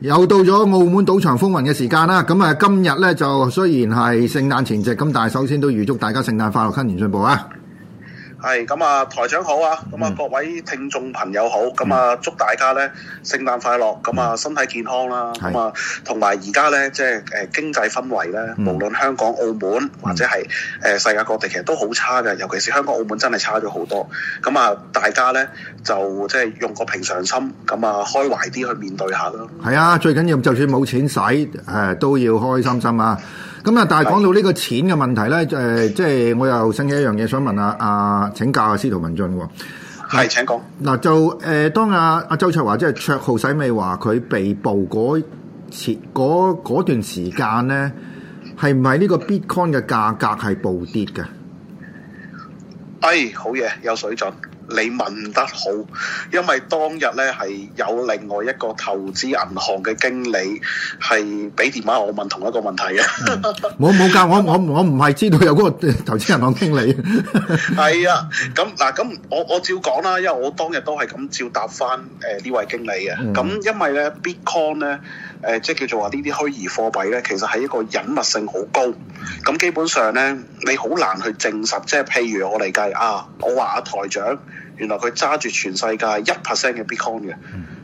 又到咗澳門賭場風雲嘅時間啦！咁今日呢就雖然係聖誕前夕，咁但係首先都預祝大家聖誕快樂、新年進步啊！係咁啊，台長好啊！咁啊，各位聽眾朋友好！咁啊、嗯，祝大家咧聖誕快樂，咁啊、嗯、身體健康啦！咁啊，同埋而家咧，即係誒經濟氛圍咧，嗯、無論香港、澳門或者係誒世界各地，嗯、其實都好差嘅。尤其是香港、澳門真係差咗好多。咁啊，大家咧就即係用個平常心，咁啊開懷啲去面對下咯。係啊，最緊要就算冇錢使，誒都要開開心心啊！咁啊！但係講到呢個錢嘅問題咧，誒，即係我又想起一樣嘢，想問下阿請教啊，司徒文進喎。係請講嗱，就誒當阿阿周焯華即係綽號洗米華佢被捕嗰時，嗰段時間咧，係唔係呢個 Bitcoin 嘅價格係暴跌嘅？哎，好嘢，有水準。你問得好，因為當日咧，係有另外一個投資銀行嘅經理係俾電話我問同一個問題嘅、嗯。 我冇教我我我唔係知道有嗰個投資銀行經理。係 啊，咁嗱咁我我照講啦，因為我當日都係咁照答翻誒呢位經理嘅。咁、嗯、因為咧 Bitcoin 咧。誒、呃、即係叫做話呢啲虛擬貨幣咧，其實係一個隱密性好高，咁基本上咧，你好難去證實，即係譬如我嚟計啊，我話阿台長原來佢揸住全世界一 percent 嘅 Bitcoin 嘅。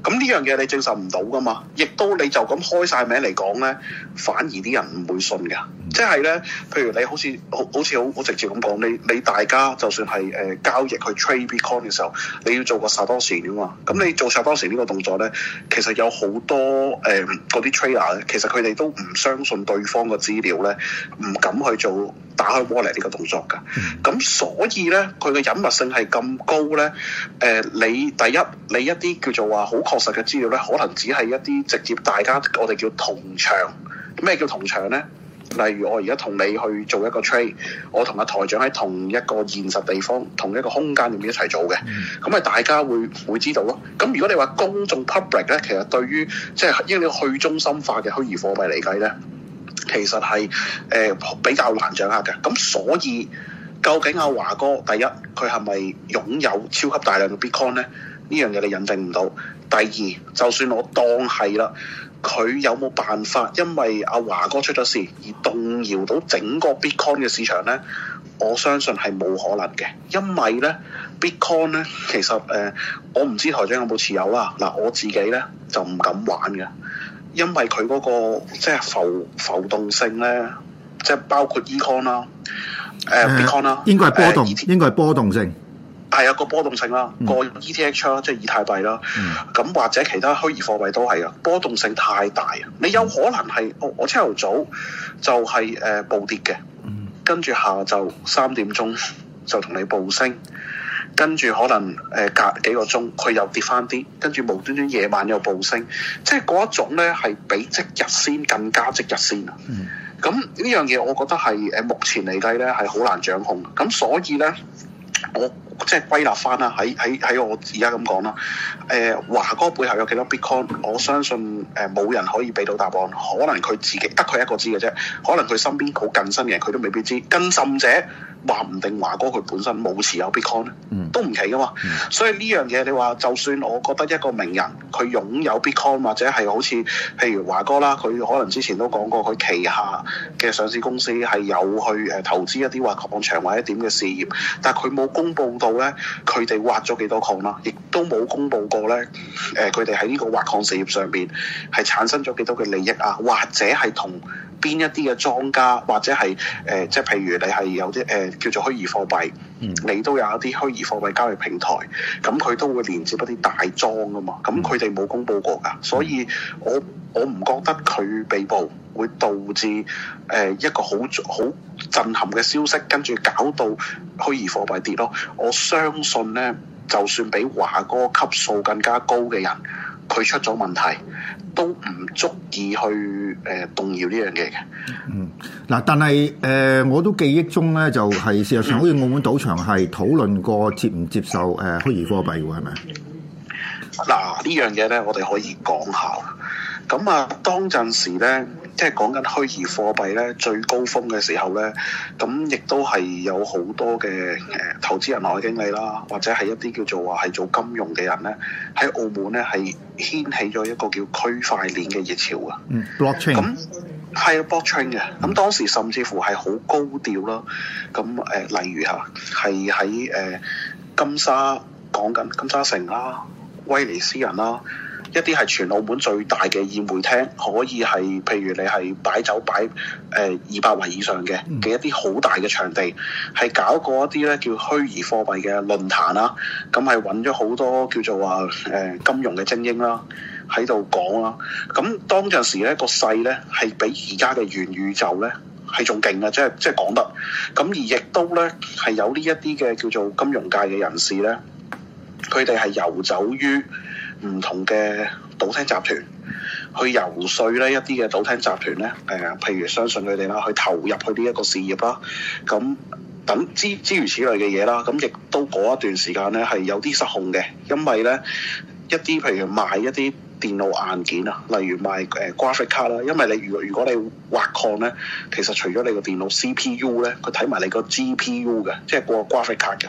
咁呢樣嘢你接受唔到噶嘛？亦都你就咁開晒名嚟講咧，反而啲人唔會信噶。即係咧，譬如你好似好好似好好直接咁講，你你大家就算係誒、呃、交易去 trade bitcoin 嘅時候，你要做個 shadow 時點啊？咁、嗯嗯、你做 shadow 時呢個動作咧，其實有好多誒嗰、呃、啲 trader，其實佢哋都唔相信對方嘅資料咧，唔敢去做打開 w a t 呢個動作噶。咁、嗯、所以咧，佢嘅隱密性係咁高咧。誒、呃，你第一你一啲叫做話好確實嘅資料咧，可能只係一啲直接大家我哋叫同場。咩叫同場咧？例如我而家同你去做一個 trade，我同阿台長喺同一個現實地方同一個空間入面一齊做嘅，咁咪大家會會知道咯。咁如果你話公眾 public 咧，其實對於即係因為你去中心化嘅虛擬貨幣嚟計咧，其實係誒、呃、比較難掌握嘅。咁所以究竟阿、啊、華哥第一，佢係咪擁有超級大量嘅 Bitcoin 咧？呢樣嘢你引證唔到。第二，就算我當係啦，佢有冇辦法因為阿華哥出咗事而動搖到整個 Bitcoin 嘅市場咧？我相信係冇可能嘅，因為咧 Bitcoin 咧其實誒、呃、我唔知台長有冇持有啦、啊。嗱，我自己咧就唔敢玩嘅，因為佢嗰、那個即係浮浮動性咧，即係包括 Econ 啦、啊，誒、呃、Bitcoin 啦、啊，應該係波動，呃、應該係波動性。係啊，個波動性啦，嗯、個 ETH 啦，即係以太幣啦，咁、嗯、或者其他虛擬貨幣都係啊，波動性太大啊！你有可能係、哦、我朝頭早就係誒暴跌嘅，嗯、跟住下晝三點鐘就同你暴升，跟住可能誒隔幾個鐘佢又跌翻啲，跟住無端端夜晚又暴升，即係嗰一種咧係比即日先更加即日先啊！咁呢、嗯、樣嘢我覺得係誒目前嚟計咧係好難掌控，咁所以咧我。即係歸納翻啦，喺喺喺我而家咁講啦。誒、呃、華哥背後有幾多 Bitcoin？我相信誒冇、呃、人可以俾到答案。可能佢自己得佢一個知嘅啫。可能佢身邊好近身嘅人佢都未必知。更甚者話唔定華哥佢本身冇持有 Bitcoin 咧，都唔奇噶嘛。所以呢樣嘢你話，就算我覺得一個名人佢擁有 Bitcoin 或者係好似譬如華哥啦，佢可能之前都講過佢旗下嘅上市公司係有去誒、呃、投資一啲話擴場或者點嘅事業，但係佢冇公佈。後咧，佢哋挖咗幾多礦啦，亦都冇公佈過咧。誒、呃，佢哋喺呢個挖礦事業上邊係產生咗幾多嘅利益啊，或者係同。邊一啲嘅莊家或者係誒、呃，即係譬如你係有啲誒、呃、叫做虛擬貨幣，嗯、你都有一啲虛擬貨幣交易平台，咁佢都會連接一啲大莊噶嘛，咁佢哋冇公佈過㗎，所以我我唔覺得佢被捕會導致誒、呃、一個好好震撼嘅消息，跟住搞到虛擬貨幣跌咯。我相信咧，就算比華哥級數更加高嘅人，佢出咗問題都唔足以去。誒動搖呢樣嘢嘅，嗯，嗱，但係誒、呃，我都記憶中咧，就係、是、事實上，好似澳門賭場係討論過接唔接受誒、呃、虛擬貨幣嘅喎，係咪？嗱、呃，呢樣嘢咧，我哋可以講下，咁、嗯、啊，當陣時咧。即係講緊虛擬貨幣咧，最高峰嘅時候咧，咁亦都係有好多嘅誒、呃、投資人海經理啦，或者係一啲叫做話係做金融嘅人咧，喺澳門咧係掀起咗一個叫區塊鏈嘅熱潮、嗯嗯、啊！Block 嗯，blockchain，咁係啊 blockchain 嘅，咁、嗯、當時甚至乎係好高調咯。咁、嗯、誒、呃，例如嚇係喺誒金沙講緊金沙城啦、威尼斯人啦。一啲係全澳門最大嘅宴會廳，可以係譬如你係擺酒擺誒二百圍以上嘅嘅一啲好大嘅場地，係搞過一啲咧叫虛擬貨幣嘅論壇啦。咁係揾咗好多叫做話誒、呃、金融嘅精英啦，喺、啊、度講啦。咁、啊嗯、當陣時咧個勢咧係比而家嘅元宇宙咧係仲勁啊！即係即係講得咁、嗯、而亦都咧係有呢一啲嘅叫做金融界嘅人士咧，佢哋係遊走於。唔同嘅賭廳集團去游說咧一啲嘅賭廳集團咧，誒譬如相信佢哋啦，去投入佢呢一個事業啦，咁等之之如此類嘅嘢啦，咁亦都嗰一段時間咧係有啲失控嘅，因為咧一啲譬如賣一啲。電腦硬件啊，例如賣誒 graphics 啦，呃、card，因為你如如果你挖礦咧，其實除咗你個電腦 CPU 咧，佢睇埋你個 GPU 嘅，即係個 graphics card 嘅。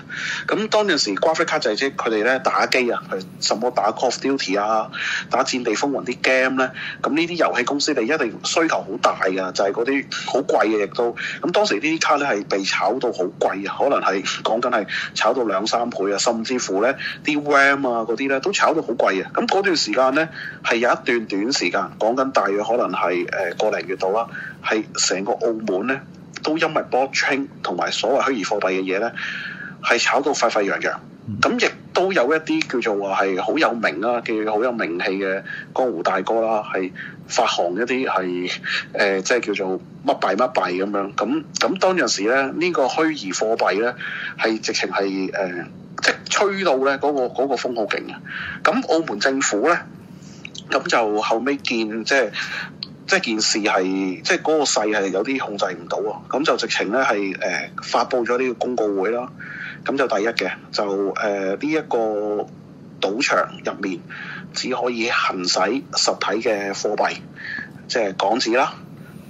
咁、嗯、當陣時 graphics card 就係、是、即佢哋咧打機啊，佢什麼打 Call of Duty 啊，打戰地風雲啲 game 咧，咁呢啲遊戲公司你一定需求好大噶，就係嗰啲好貴嘅亦都。咁、嗯、當時呢啲卡咧係被炒到好貴啊，可能係講緊係炒到兩三倍啊，甚至乎咧啲 RAM 啊嗰啲咧都炒到好貴啊。咁、嗯、嗰段時間咧～係有一段短時間，講緊大約可能係誒個零月度啦，係成個澳門咧都因為 blockchain 同埋所謂虛擬貨幣嘅嘢咧，係炒到沸沸揚揚。咁亦都有一啲叫做話係好有名啦嘅好有名氣嘅江湖大哥啦，係發行一啲係誒即係叫做乜幣乜幣咁樣。咁咁當陣時咧，這個、虛擬貨幣呢個虛擬貨幣咧係直情係誒即係吹到咧、那、嗰個嗰、那個、風好勁嘅。咁澳門政府咧。咁就後尾見，即係即係件事係，即係嗰個勢係有啲控制唔到啊！咁就直情咧係誒發佈咗呢個公告會啦。咁就第一嘅，就誒呢一個賭場入面只可以行使實體嘅貨幣，即係港紙啦，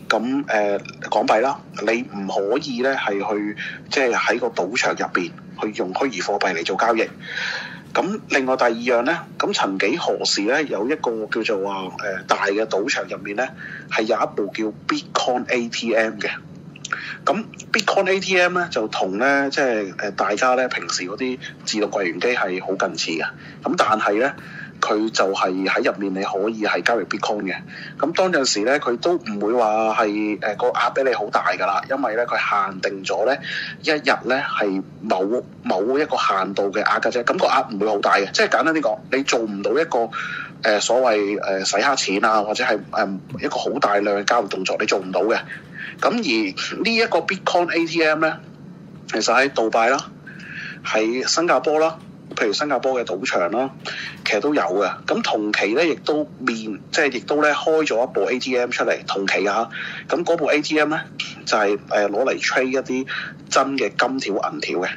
咁、啊、誒、呃、港幣啦，你唔可以咧係去即係喺個賭場入邊去用虛擬貨幣嚟做交易。咁另外第二樣咧，咁曾幾何時咧有一個叫做話誒、呃、大嘅賭場入面咧，係有一部叫 Bitcoin ATM 嘅。咁 Bitcoin ATM 咧就同咧即係誒大家咧平時嗰啲自動櫃員機係好近似嘅。咁但係咧。佢就係喺入面你可以係交易 Bitcoin 嘅，咁當陣時咧，佢都唔會話係誒個額俾你好大㗎啦，因為咧佢限定咗咧一日咧係某某一個限度嘅額㗎啫，咁個額唔會好大嘅，即係簡單啲講，你做唔到一個誒所謂誒洗黑錢啊，或者係誒一個好大量嘅交易動作你做唔到嘅，咁而呢一個 Bitcoin ATM 咧，其實喺杜拜啦，喺新加坡啦。譬如新加坡嘅賭場啦，其實都有嘅。咁同期咧，亦都面即係亦都咧開咗一部 ATM 出嚟，同期嘅咁嗰部 ATM 咧就係誒攞嚟 trade 一啲真嘅金條銀條嘅。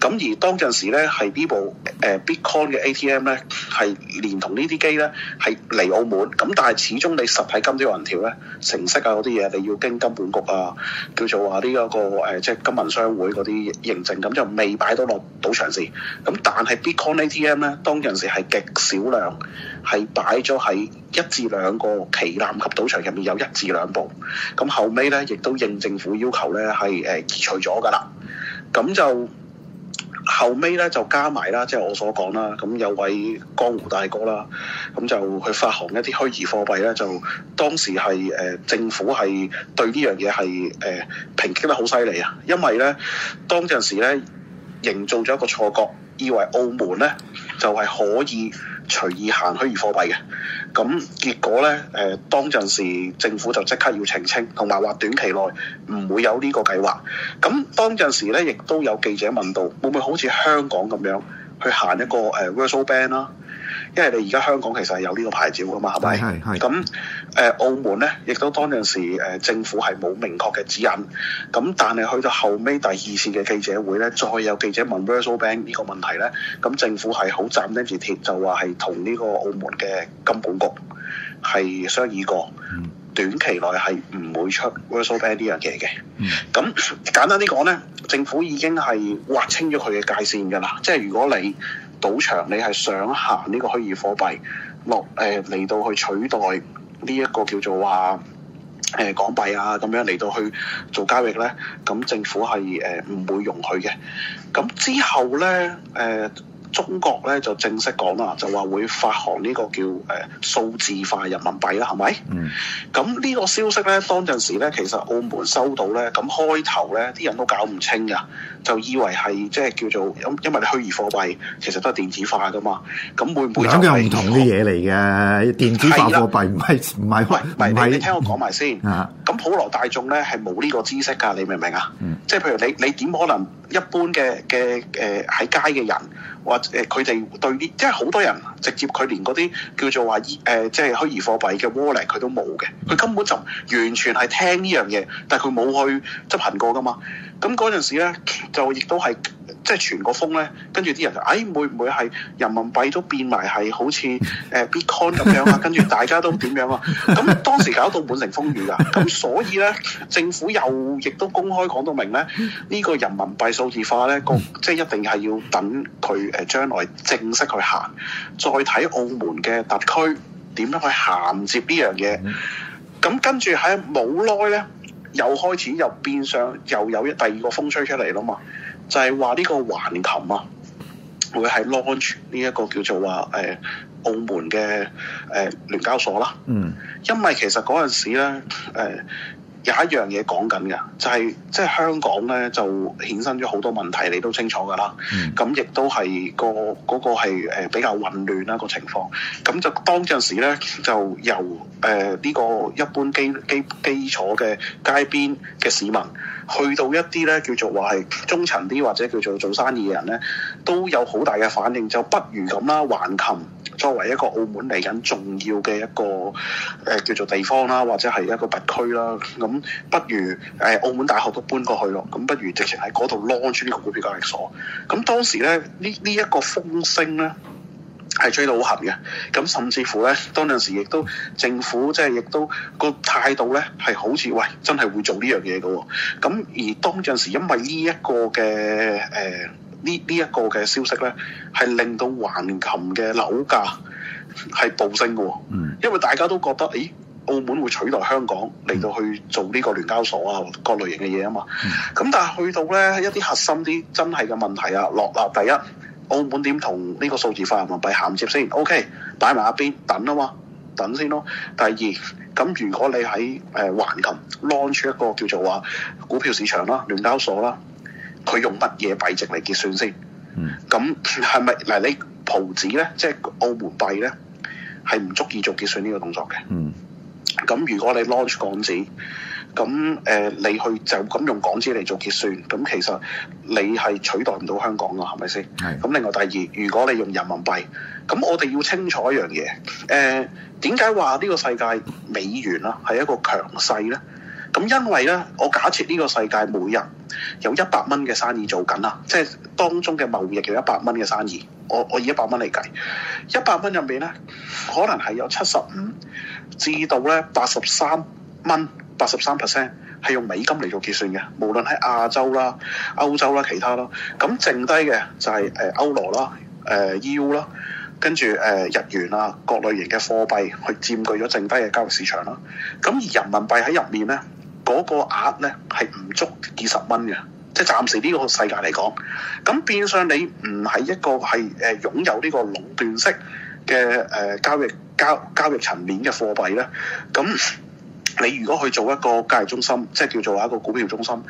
咁而當陣時咧，係、呃、呢部誒 Bitcoin 嘅 ATM 咧，係連同機呢啲機咧係嚟澳門。咁但係始終你實體金條銀條咧，成色啊嗰啲嘢，你要經金管局啊，叫做話呢一個誒、呃，即係金銀商會嗰啲認證。咁就未擺到落賭場先。咁但係 Bitcoin ATM 咧，當陣時係極少量係擺咗喺一至兩個旗艦級賭場入面，有一至兩部。咁後尾咧，亦都應政府要求咧，係誒、呃、移除咗㗎啦。咁就。後尾咧就加埋啦，即係我所講啦，咁有位江湖大哥啦，咁就去發行一啲虛擬貨幣咧，就當時係誒、呃、政府係對呢樣嘢係誒抨擊得好犀利啊，因為咧當陣時咧營造咗一個錯覺，以為澳門咧就係、是、可以。隨意行虛擬貨幣嘅，咁結果咧，誒、呃、當陣時政府就即刻要澄清，同埋話短期內唔會有呢個計劃。咁當陣時咧，亦都有記者問到，會唔會好似香港咁樣去行一個誒 virtual bank 啦？呃因為你而家香港其實係有呢個牌照噶嘛，係咪？係係。咁誒，澳門咧，亦都當陣時誒、呃、政府係冇明確嘅指引。咁但係去到後尾第二線嘅記者會咧，再有記者問 Universal Bank 呢個問題咧，咁政府係好站得住腳，就話係同呢個澳門嘅金管局係商議過，短期內係唔會出 Universal Bank 呢樣嘢嘅。咁、嗯嗯、簡單啲講咧，政府已經係劃清咗佢嘅界線㗎啦。即係如果你賭場你係想行呢個虛擬貨幣落誒嚟、呃、到去取代呢一個叫做話誒、呃、港幣啊，咁樣嚟到去做交易咧，咁政府係誒唔會容許嘅。咁之後咧誒。呃中國咧就正式講啦，就話會發行呢個叫誒數字化人民幣啦，係咪？嗯。咁呢個消息咧，當陣時咧，其實澳門收到咧，咁開頭咧，啲人都搞唔清噶，就以為係即係叫做因因為你虛擬貨幣其實都係電子化噶嘛。咁會唔會有啲唔同嘅嘢嚟嘅？電子化貨幣唔係唔係，唔唔係，你聽我講埋先。啊。咁普羅大眾咧係冇呢個知識㗎，你明唔明啊？即係譬如你你點可能一般嘅嘅誒喺街嘅人或誒，佢哋對呢，即係好多人直接佢連嗰啲叫做話誒，即係虛擬貨幣嘅 wallet 佢都冇嘅，佢根本就完全係聽呢樣嘢，但係佢冇去執行過噶嘛。咁嗰陣時咧，就亦都係。即係傳個風咧，跟住啲人就誒、哎、會唔會係人民幣都變埋係好似誒、呃、Bitcoin 咁樣啊？跟住大家都點樣啊？咁、嗯、當時搞到滿城風雨啊！咁、嗯、所以咧，政府又亦都公開講到明咧，呢、這個人民幣數字化咧，個即係一定係要等佢誒、呃、將來正式去行，再睇澳門嘅特區點樣去銜接，嗯嗯嗯、接呢樣嘢。咁跟住喺冇耐咧，又開始又變相又有一第二個風吹出嚟啦嘛～就係話呢個橫琴啊，會係 launch 呢一個叫做話誒澳門嘅誒聯交所啦。嗯，因為其實嗰陣時咧誒有一樣嘢講緊嘅，就係即係香港咧就衍生咗好多問題，你都清楚噶啦、嗰個。嗯，咁亦都係個嗰個係誒比較混亂啦個情況。咁就當陣時咧就由誒呢個一般基基基，基基礎嘅街邊嘅市民。去到一啲咧叫做話係中層啲或者叫做做生意嘅人咧，都有好大嘅反應，就不如咁啦。橫琴作為一個澳門嚟緊重要嘅一個誒、呃、叫做地方啦，或者係一個特區啦，咁不如誒、呃、澳門大學都搬過去咯，咁不如直情喺嗰度 launch 呢個股票交易所。咁當時咧呢呢一、個風聲咧。係追到好痕嘅，咁甚至乎咧，當陣時亦都政府即係亦都個態度咧，係好似喂，真係會做呢樣嘢嘅。咁而當陣時，因為呢一個嘅誒呢呢一個嘅消息咧，係令到橫琴嘅樓價係暴升嘅，哦。嗯，mm. 因為大家都覺得，咦，澳門會取代香港嚟到去做呢個聯交所啊各類型嘅嘢啊嘛。Mm. 嗯，咁但係去到咧一啲核心啲真係嘅問題啊，落啦第一。第一澳門點同呢個數字化人民幣銜接先？OK，擺埋一邊等啊嘛，等先咯。第二，咁如果你喺誒、呃、橫琴 launch 一個叫做話股票市場啦，聯交所啦，佢用乜嘢幣值嚟結算先？嗯，咁係咪嗱你葡紙咧，即係澳門幣咧，係唔足以做結算呢個動作嘅？嗯，咁如果你 launch 港紙。咁誒、呃，你去就咁用港紙嚟做結算，咁其實你係取代唔到香港噶，係咪先？係的。咁另外第二，如果你用人民幣，咁我哋要清楚一樣嘢，誒點解話呢個世界美元啦係一個強勢咧？咁因為咧，我假設呢個世界每日有一百蚊嘅生意做緊啦，即係當中嘅貿易有一百蚊嘅生意，我我以一百蚊嚟計，一百蚊入面咧，可能係有七十五至到咧八十三蚊八十三 percent 係用美金嚟做結算嘅，無論喺亞洲啦、歐洲啦、其他啦，咁剩低嘅就係、是、誒、呃、歐羅啦、誒、呃、U 啦，跟住誒、呃、日元啊各類型嘅貨幣去佔據咗剩低嘅交易市場啦。咁而人民幣喺入面咧，嗰、那個額咧係唔足二十蚊嘅，即係暫時呢個世界嚟講，咁變相你唔係一個係誒擁有呢個壟斷式嘅誒、呃、交易交交易層面嘅貨幣咧，咁。你如果去做一個交易中心，即係叫做一個股票中心，係、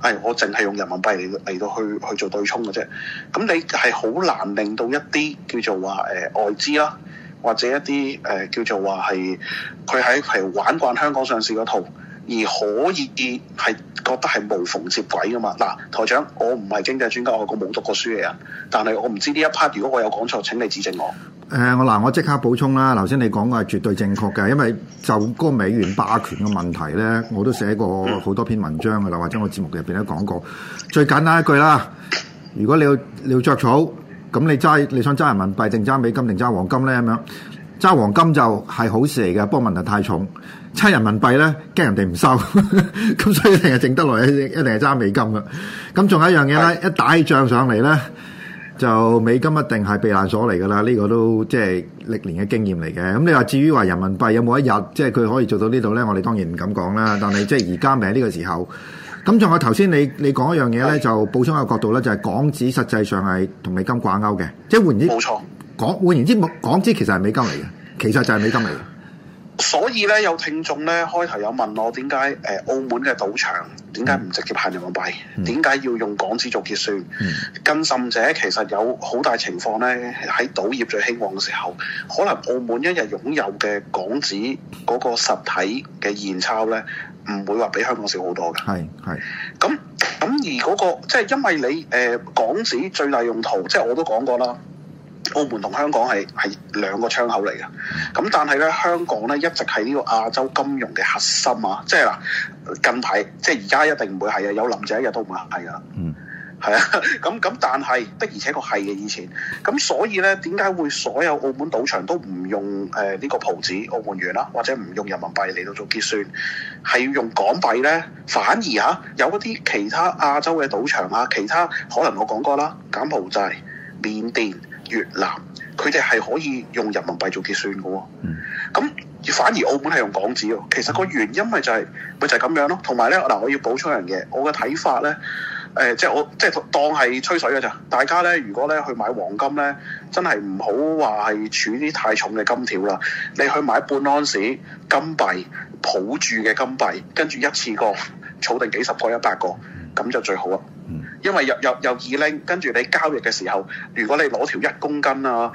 哎、我淨係用人民幣嚟嚟到去去做對沖嘅啫。咁你係好難令到一啲叫做話誒、呃、外資啦、啊，或者一啲誒、呃、叫做話係佢喺係玩慣香港上市嗰套。而可以係覺得係無縫接軌㗎嘛？嗱，台長，我唔係經濟專家，我係個冇讀過書嘅人，但係我唔知呢一 part 如果我有講錯，請你指正我。誒、呃呃，我嗱，我即刻補充啦。頭先你講嘅係絕對正確嘅，因為就嗰個美元霸權嘅問題咧，我都寫過好多篇文章㗎啦，或者我節目入邊都講過。最簡單一句啦，如果你要你要著草，咁你揸你想揸人民幣定揸美金定揸黃金咧，咁樣。揸黃金就係好事嚟嘅，不過問題太重。揸人民幣咧，驚人哋唔收，咁 所以一定係掟得落，一定係揸美金嘅。咁仲有一樣嘢咧，哎、一打仗上嚟咧，就美金一定係避難所嚟嘅啦。呢、這個都即係歷年嘅經驗嚟嘅。咁你話至於話人民幣有冇一日即係佢可以做到呢度咧？我哋當然唔敢講啦。但係即係而家咪喺呢個時候。咁仲有頭先你你講一樣嘢咧，就補充一個角度咧，就係、是、港紙實際上係同美金掛鈎嘅，即係換啲冇錯。港換言之，港紙其實係美金嚟嘅，其實就係美金嚟嘅。所以咧，有聽眾咧開頭有問我點解誒澳門嘅賭場點解唔直接派人民幣，點解、嗯、要用港紙做結算？嗯、更甚者，其實有好大情況咧，喺賭業最興旺嘅時候，可能澳門一日擁有嘅港紙嗰個實體嘅現鈔咧，唔會話比香港少好多嘅。係係、嗯。咁咁而嗰、嗰個即係因為你誒、呃、港紙最大用途，即係我都講過啦。澳門同香港係係兩個窗口嚟嘅，咁但係咧，香港咧一直係呢個亞洲金融嘅核心啊，即係嗱近排即係而家一定唔會係啊，有林仔一日都唔會係㗎，嗯，係啊，咁咁，但係的而且確係嘅以前咁，所以咧，點解會所有澳門賭場都唔用誒呢、呃呢個葡紙澳門元啦、啊，或者唔用人民幣嚟到做結算，係要用港幣咧？反而嚇、啊、有嗰啲其他亞洲嘅賭場啊，其他可能我講過啦，柬埔寨、緬甸。越南佢哋係可以用人民幣做結算嘅喎，咁反而澳門係用港紙喎。其實個原因咪就係，咪就係咁樣咯。同埋咧，嗱，我要補充一樣嘢，我嘅睇法咧，誒、呃，即係我即係當係吹水嘅咋。大家咧，如果咧去買黃金咧，真係唔好話係儲啲太重嘅金條啦。你去買半安士金幣，抱住嘅金幣，跟住一次過儲定幾十個、一百個，咁就最好啦。因為入入又易拎，跟住你交易嘅時候，如果你攞條一公斤啊、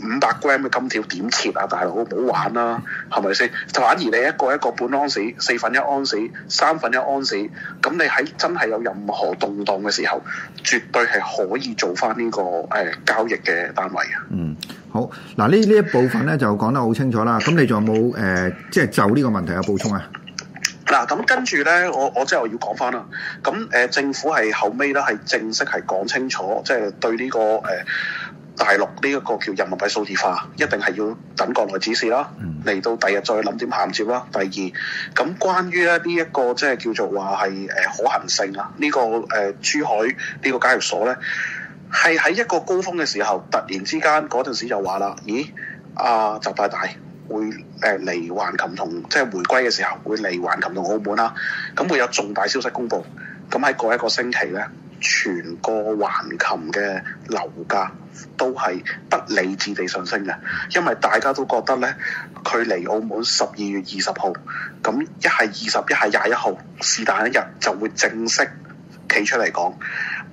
五百 gram 嘅金條，點切啊？大佬，唔好玩啦，啊，係咪先？就反而你一個一個半盎司、四分一盎司、三分一盎司，咁你喺真係有任何動盪嘅時候，絕對係可以做翻呢、這個誒、呃、交易嘅單位啊。嗯，好。嗱，呢呢一部分咧就講得好清楚啦。咁你仲有冇誒、即、呃、係就呢、是、個問題有補充啊？嗱咁跟住咧，我我即係要講翻啦。咁誒、呃，政府係後尾咧，係正式係講清楚，即係對呢、這個誒、呃、大陸呢一個叫人民幣數字化，一定係要等國內指示啦。嚟、嗯、到第日再諗點銜接啦。第二，咁關於咧呢一個即係叫做話係誒可行性啊，呢、這個誒、呃、珠海、這個、呢個交易所咧，係喺一個高峰嘅時候，突然之間嗰陣時就話啦，咦，阿、啊、習大大。會誒嚟橫琴同即係回歸嘅時候，會嚟橫琴同澳門啦。咁會有重大消息公布。咁喺過一個星期咧，全個橫琴嘅樓價都係不理智地上升嘅，因為大家都覺得咧，佢嚟澳門十二月二十號，咁一係二十一係廿一號，是但一日就會正式企出嚟講，誒、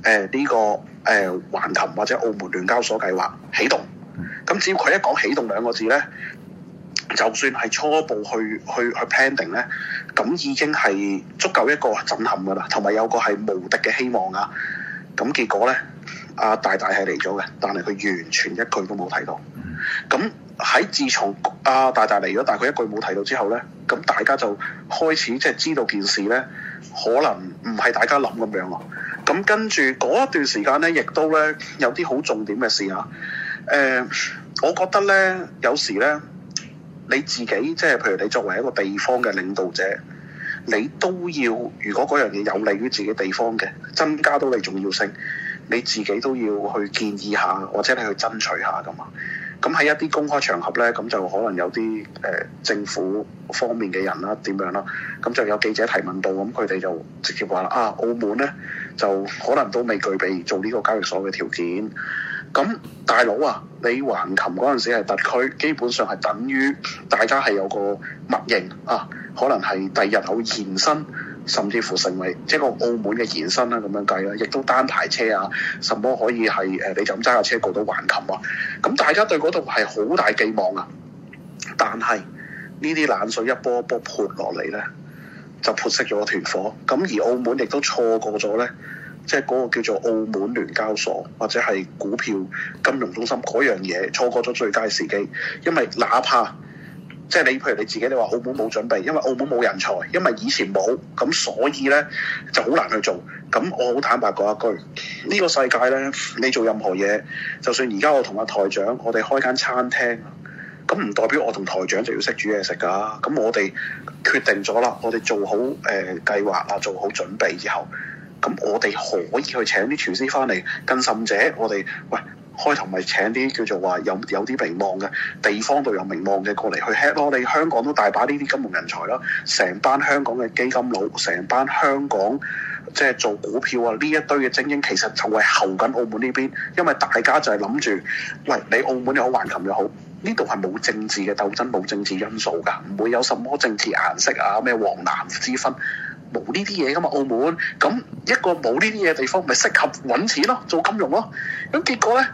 呃、呢、這個誒、呃、橫琴或者澳門聯交所計劃啟動。咁只要佢一講啟動兩個字咧。就算係初步去去去 planning 咧，咁已經係足夠一個震撼㗎啦，同埋有個係無敵嘅希望啊！咁結果咧，阿大大係嚟咗嘅，但係佢完全一句都冇提到。咁喺自從阿、啊、大大嚟咗，但係佢一句冇提到之後咧，咁大家就開始即係知道件事咧，可能唔係大家諗咁樣咯。咁跟住嗰一段時間咧，亦都咧有啲好重點嘅事啊。誒、呃，我覺得咧，有時咧～你自己即係譬如你作為一個地方嘅領導者，你都要如果嗰樣嘢有利於自己地方嘅，增加到你重要性，你自己都要去建議下或者你去爭取下㗎嘛。咁喺一啲公開場合咧，咁就可能有啲誒政府方面嘅人啦，點樣啦，咁就有記者提問到，咁佢哋就直接話啦：啊，澳門咧就可能都未具備做呢個交易所嘅條件。咁大佬啊，你橫琴嗰陣時係特區，基本上係等於大家係有個默認啊，可能係第日有延伸，甚至乎成為一個澳門嘅延伸啦、啊，咁樣計啦，亦都單排車啊，什麼可以係誒你就咁揸架車過到橫琴啊？咁大家對嗰度係好大寄望啊，但係呢啲冷水一波一波潑落嚟咧，就潑熄咗個團火。咁而澳門亦都錯過咗咧。即係嗰個叫做澳門聯交所或者係股票金融中心嗰樣嘢，錯過咗最佳時機。因為哪怕即係你，譬如你自己，你話澳門冇準備，因為澳門冇人才，因為以前冇，咁所以咧就好難去做。咁我好坦白講一句，呢個世界咧，你做任何嘢，就算而家我同阿台長，我哋開間餐廳，咁唔代表我同台長就要識煮嘢食㗎。咁我哋決定咗啦，我哋做好誒計劃啊，做好準備之後。咁、嗯、我哋可以去請啲傳師翻嚟跟，甚者，我哋喂，開頭咪請啲叫做話有有啲名望嘅地方度有名望嘅過嚟去吃 e 咯。你香港都大把呢啲金融人才啦，成班香港嘅基金佬，成班香港即係、就是、做股票啊呢一堆嘅精英，其實就係候緊澳門呢邊，因為大家就係諗住，喂，你澳門又好，環琴又好，呢度係冇政治嘅鬥爭，冇政治因素㗎，唔會有什麼政治顏色啊咩黃藍之分。冇呢啲嘢噶嘛，澳門咁一個冇呢啲嘢地方，咪適合揾錢咯，做金融咯。咁結果咧，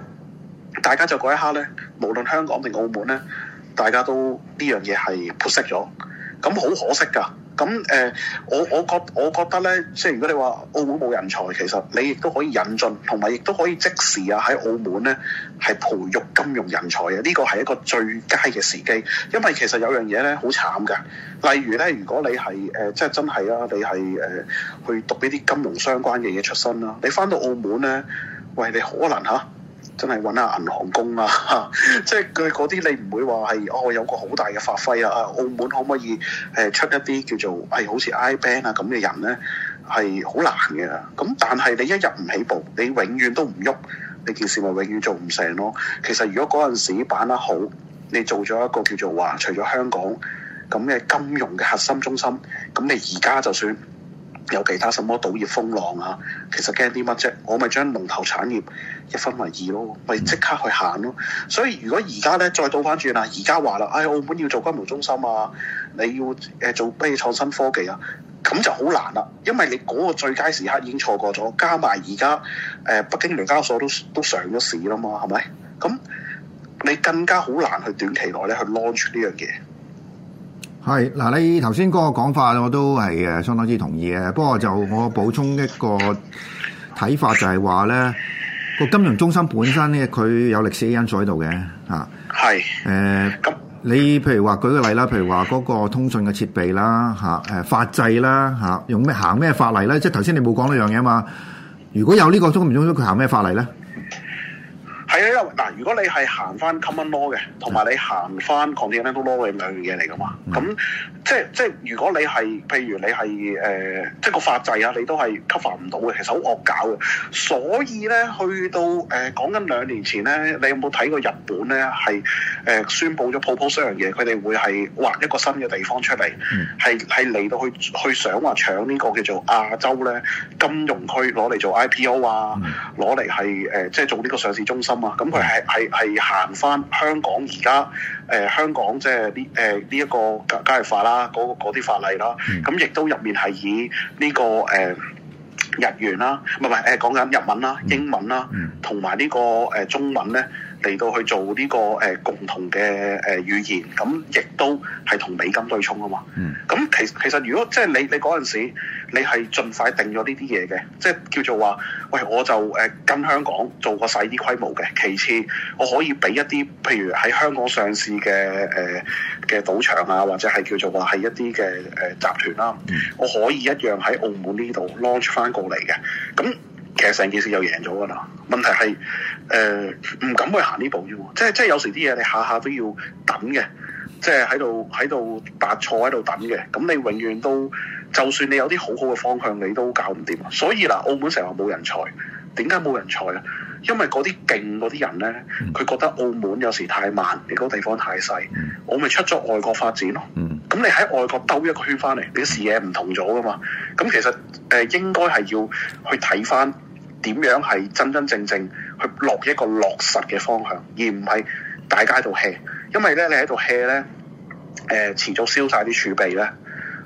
大家就嗰一刻咧，無論香港定澳門咧，大家都呢樣嘢係 push 咗，咁好可惜㗎。咁誒、呃，我我覺我覺得咧，即係如果你話澳門冇人才，其實你亦都可以引進，同埋亦都可以即時啊喺澳門咧係培育金融人才嘅，呢個係一個最佳嘅時機。因為其實有樣嘢咧好慘㗎，例如咧，如果你係誒、呃、即係真係啦，你係誒、呃、去讀呢啲金融相關嘅嘢出身啦，你返到澳門咧，喂，你可能嚇。真係揾下銀行工啊！呵呵，即係佢嗰啲你唔會話係哦，有個好大嘅發揮啊！澳門可唔可以誒、呃、出一啲叫做係、哎、好似 I-Bank 啊咁嘅人咧？係好難嘅。咁、嗯、但係你一日唔起步，你永遠都唔喐，你件事咪永遠做唔成咯。其實如果嗰陣時板得好，你做咗一個叫做話除咗香港咁嘅金融嘅核心中心，咁你而家就算有其他什麼賭業風浪啊，其實驚啲乜啫？我咪將龍頭產業，一分為二咯，咪即刻去行咯。所以如果而家咧再倒翻轉啦，而家話啦，唉，澳門要做金融中心啊，你要誒做咩創新科技啊，咁就好難啦。因為你嗰個最佳時刻已經錯過咗，加埋而家誒北京聯交所都都上咗市啦嘛，係咪？咁你更加好難去短期內咧去 launch 呢樣嘢。係嗱，你頭先嗰個講法我都係嘅，相當之同意嘅。不過就我補充一個睇法就，就係話咧。個金融中心本身咧，佢有歷史因素喺度嘅，吓係，誒，咁你譬如話舉個例啦，譬如話嗰個通訊嘅設備啦，吓、啊，誒、啊，法制啦，吓、啊，用咩行咩法例咧？即係頭先你冇講呢樣嘢啊嘛？如果有呢、這個中唔中心，佢行咩法例咧？係啊，因為嗱，如果你係行翻 common law 嘅，同埋你行翻 Continental law 嘅兩樣嘢嚟㗎嘛，咁、mm hmm. 即係即係如果你係譬如你係誒、呃，即係個法制啊，你都係 cover 唔到嘅，其實好惡搞嘅。所以咧，去到誒、呃、講緊兩年前咧，你有冇睇過日本咧係誒宣佈咗 proposal 樣嘢，佢哋會係劃一個新嘅地方出嚟，係係嚟到去去想話搶呢個叫做亞洲咧金融區攞嚟做 IPO 啊，攞嚟係誒即係做呢個上市中心。咁佢係係係行翻香港而家誒香港即係呢誒呢一個加加入法啦，嗰啲法例啦，咁亦、嗯、都入面係以呢、這個誒、呃、日元啦，唔係唔係誒講緊日文啦、英文啦，同埋呢個誒、呃、中文咧。嚟到去做呢、這個誒、呃、共同嘅誒、呃、語言，咁亦都係同美金對沖啊嘛。咁、嗯、其實其實如果即係你你嗰陣時，你係盡快定咗呢啲嘢嘅，即係叫做話，喂我就誒、呃、跟香港做個細啲規模嘅。其次，我可以俾一啲譬如喺香港上市嘅誒嘅賭場啊，或者係叫做話係一啲嘅誒集團啦、啊，嗯、我可以一樣喺澳門呢度 launch 翻過嚟嘅。咁、嗯嗯其實成件事又贏咗㗎啦，問題係誒唔敢去行呢步啫喎，即係即係有時啲嘢你下下都要等嘅，即係喺度喺度搭錯喺度等嘅，咁你永遠都就算你有啲好好嘅方向，你都搞唔掂。所以嗱，澳門成日話冇人才，點解冇人才啊？因為嗰啲勁嗰啲人咧，佢覺得澳門有時太慢，你、那、嗰個地方太細，我咪出咗外國發展咯。嗯咁你喺外國兜一個圈翻嚟，你嘅視野唔同咗噶嘛？咁其實誒、呃，應該係要去睇翻點樣係真真正正去落一個落實嘅方向，而唔係大家喺度 hea，因為咧你喺度 hea 咧，誒、呃，遲早燒晒啲儲備咧，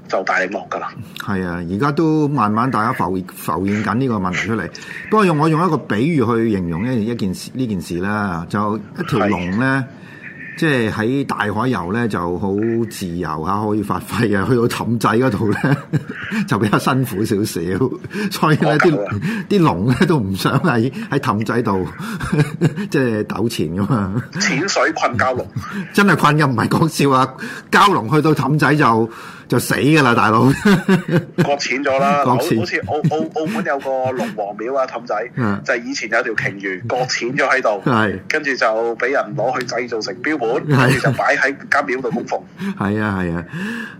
就大你鑊噶啦。係啊，而家都慢慢大家浮現浮現緊呢個問題出嚟。 不過用我用一個比喻去形容一一，件，一，件，一件，件事呢件事啦，就一條龍咧。即係喺大海遊咧就好自由吓，可以發揮啊！去到氹仔嗰度咧就比較辛苦少少，所以咧啲啲龍咧都唔想喺喺氹仔度 即係糾纏㗎嘛。淺水困蛟龍， 真係困㗎唔係講笑啊！蛟龍去到氹仔就～就死噶 啦，大佬擱淺咗啦， 好好似澳澳澳門有個龍王廟啊，氹仔就是、以前有條鯨魚擱淺咗喺度，跟住就俾人攞去製造成標本，跟住就擺喺間廟度供奉。係啊，係啊，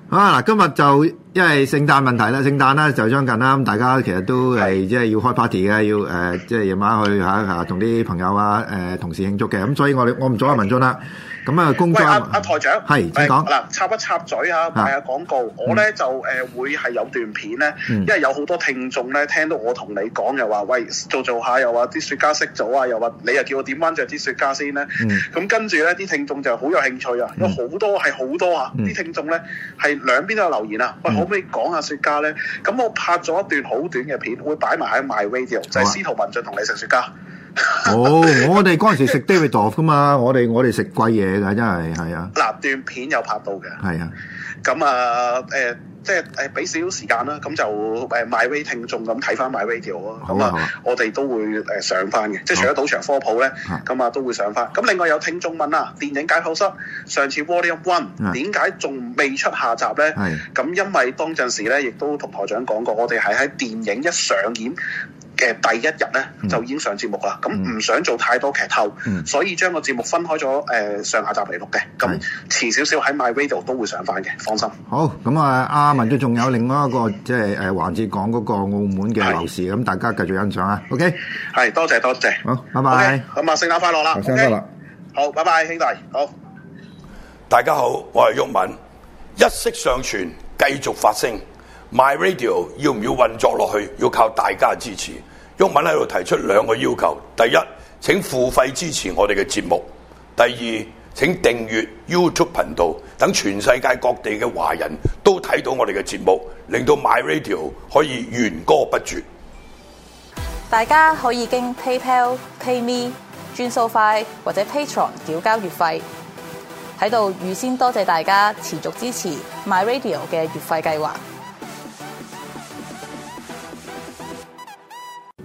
啊，啊嗱，今日就因為聖誕問題啦，聖誕啦就是、將近啦，咁大家其實都係即係要開 party 嘅，要誒即係夜晚去嚇嚇同啲朋友啊，誒、呃、同事慶祝嘅，咁、嗯、所以我我唔阻阿文進啦。咁啊，工喂，阿阿台長，係，講嗱，插一插嘴啊，賣下廣告。我咧就誒會係有段片咧，因為有好多聽眾咧聽到我同你講，又話喂做做下，又話啲雪茄熄咗啊，又話你又叫我點返隻啲雪茄先咧。咁跟住咧啲聽眾就好有興趣啊，有好多係好多啊啲聽眾咧係兩邊都有留言啊，喂，可唔可以講下雪茄咧？咁我拍咗一段好短嘅片，會擺埋喺 MyRadio，就係司徒文進同你食雪茄。冇、 哦，我哋嗰陣時食 Davidoff 噶嘛，我哋我哋食貴嘢噶，真係係啊。嗱，段片有拍到嘅，係啊。咁啊，誒、啊啊呃，即係誒，俾少少時間啦。咁就誒，MyRadio 聽眾咁睇翻 MyRadio 條咯。咁啊， 啊啊我哋都會誒上翻嘅，即係除咗賭場科普咧，咁、哦、啊，都會上翻。咁另外有聽眾問啦，電影解剖室上次 Warrior One 點解仲未出下集咧？咁、啊、因為當陣時咧，亦都同台長講過，我哋係喺電影一上演，嘅第一日咧、嗯、就已經上節目啦，咁唔、嗯、想做太多劇透，嗯、所以將個節目分開咗誒、呃、上下集嚟錄嘅，咁是遲少少喺 MyVideo 都會上返嘅，放心。好，咁、嗯、是啊，阿文都仲有另外一個即係誒環節講嗰個澳門嘅樓市，咁是大家繼續欣賞啊。OK，係多謝多謝，多謝，好，拜拜。咁啊，聖誕快樂啦！聖誕快樂，好，拜拜，兄弟，好。大家好，我係毓民，一息尚存，繼續發聲。My Radio 要唔要運作落去，要靠大家支持。毓民喺度提出兩個要求：第一，請付費支持我哋嘅節目；第二，請訂閱 YouTube 頻道，等全世界各地嘅華人都睇到我哋嘅節目，令到 My Radio 可以弦歌不絕。大家可以經 PayPal、PayMe 轉數快，或者 Patreon 繳交月費，喺度預先多謝大家持續支持 My Radio 嘅月費計劃。